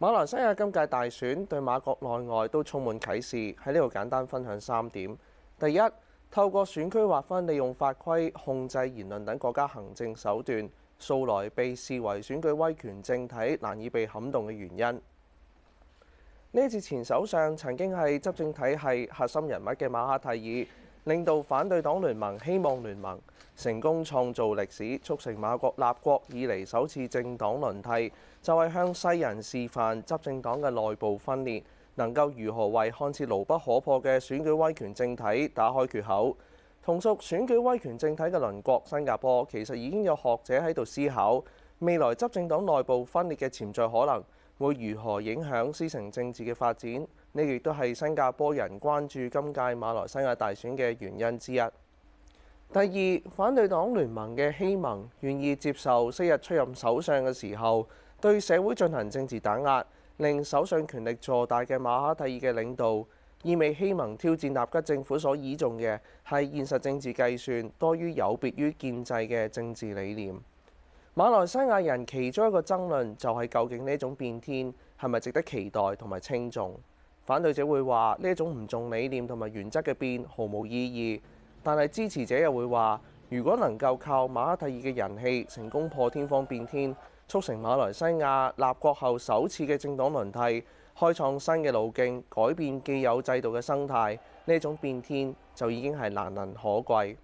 馬來西亞今屆大選對馬國內外都充滿啟示，喺呢度簡單分享三點。第一，透過選區劃分、利用法規控制言論等國家行政手段，素來被視為選舉威權政體難以被撼動嘅原因。呢次前首相曾經係執政體系核心人物嘅馬哈蒂爾，令到反對黨聯盟希望聯盟成功創造歷史，促成馬國立國以嚟首次政黨輪替，就係、是、向世人示範執政黨嘅內部分裂能夠如何為看似牢不可破嘅選舉威權政體打開缺口。同屬選舉威權政體嘅鄰國新加坡，其實已經有學者喺度思考未來執政黨內部分裂嘅潛在可能會如何影響獅城政治嘅發展。呢亦都係新加坡人關注今屆馬來西亞大選嘅原因之一。第二，反對黨聯盟嘅希盟願意接受昔日出任首相嘅時候對社會進行政治打壓，令首相權力坐大嘅馬哈蒂爾嘅領導，意味希盟挑戰納吉政府所倚重嘅係現實政治計算多於有別於建制嘅政治理念。馬來西亞人其中一個爭論就係究竟呢種變天係咪值得期待同埋輕重？反對者會話呢一種唔重理念同埋原則嘅變毫無意義，但係支持者又會話：如果能夠靠馬哈蒂爾嘅人氣成功破天荒變天，促成馬來西亞立國後首次嘅政黨輪替，開創新嘅路徑，改變既有制度嘅生態，呢種變天就已經係難能可貴。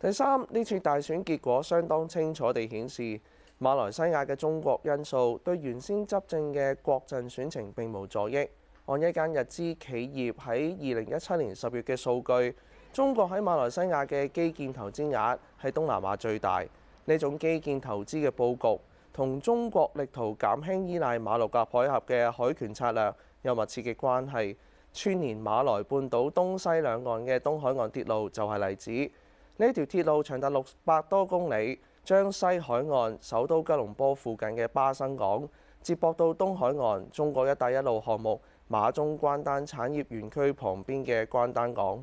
第三，呢次大選結果相當清楚地顯示，馬來西亞嘅中國因素對原先執政嘅國陣選情並無助益。按一間日資企業喺二零一七年十月嘅數據，中國喺馬來西亞嘅基建投資額係東南亞最大。呢種基建投資嘅佈局，同中國力圖減輕依賴馬六甲海峽嘅海權策略有密切嘅關係。串連馬來半島東西兩岸嘅東海岸鐵路就係例子。呢條鐵路長達六百多公里，將西海岸首都吉隆坡附近嘅巴生港接駁到東海岸中國一帶一路項目。馬中關丹產業園區旁邊嘅關丹港、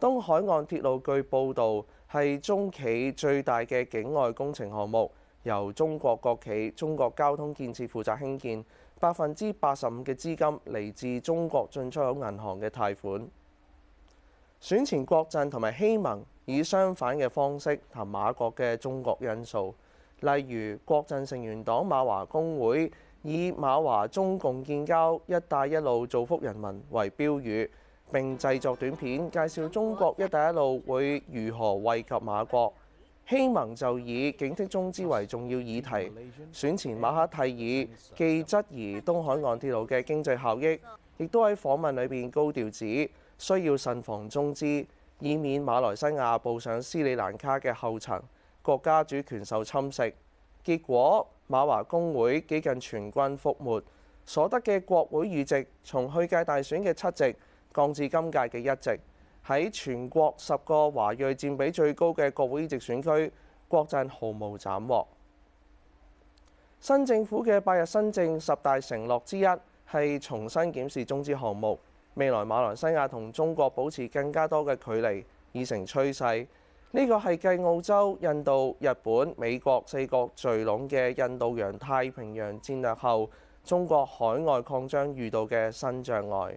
東海岸鐵路，據報道係中企最大嘅境外工程項目，由中國國企中國交通建設負責興建，百分之八十五嘅資金嚟自中國進出口銀行嘅貸款。選前國陣同埋希盟以相反嘅方式談馬國嘅中國因素，例如國陣成員黨馬華公會。以馬華中共建交、一帶一路造福人民為標語，並製作短片介紹中國一帶一路會如何惠及馬國。希盟就以警惕中資為重要議題，選前馬哈蒂爾既質疑東海岸鐵路嘅經濟效益，亦都喺訪問裏邊高調指需要慎防中資，以免馬來西亞步上斯里蘭卡嘅後塵，國家主權受侵蝕。結果，馬華公會幾近全軍覆沒，所得嘅國會議席從去屆大選嘅七席降至今屆嘅一席。喺全國十個華裔佔、佔比最高嘅國會議席選區，國陣毫無斬獲。新政府嘅八日新政十大承諾之一係重新檢視中資項目。未來馬來西亞同中國保持更加多嘅距離已成趨勢。呢個係繼澳洲、印度、日本、美國四國聚攏嘅印度洋太平洋戰略後，中國海外擴張遇到嘅新障礙。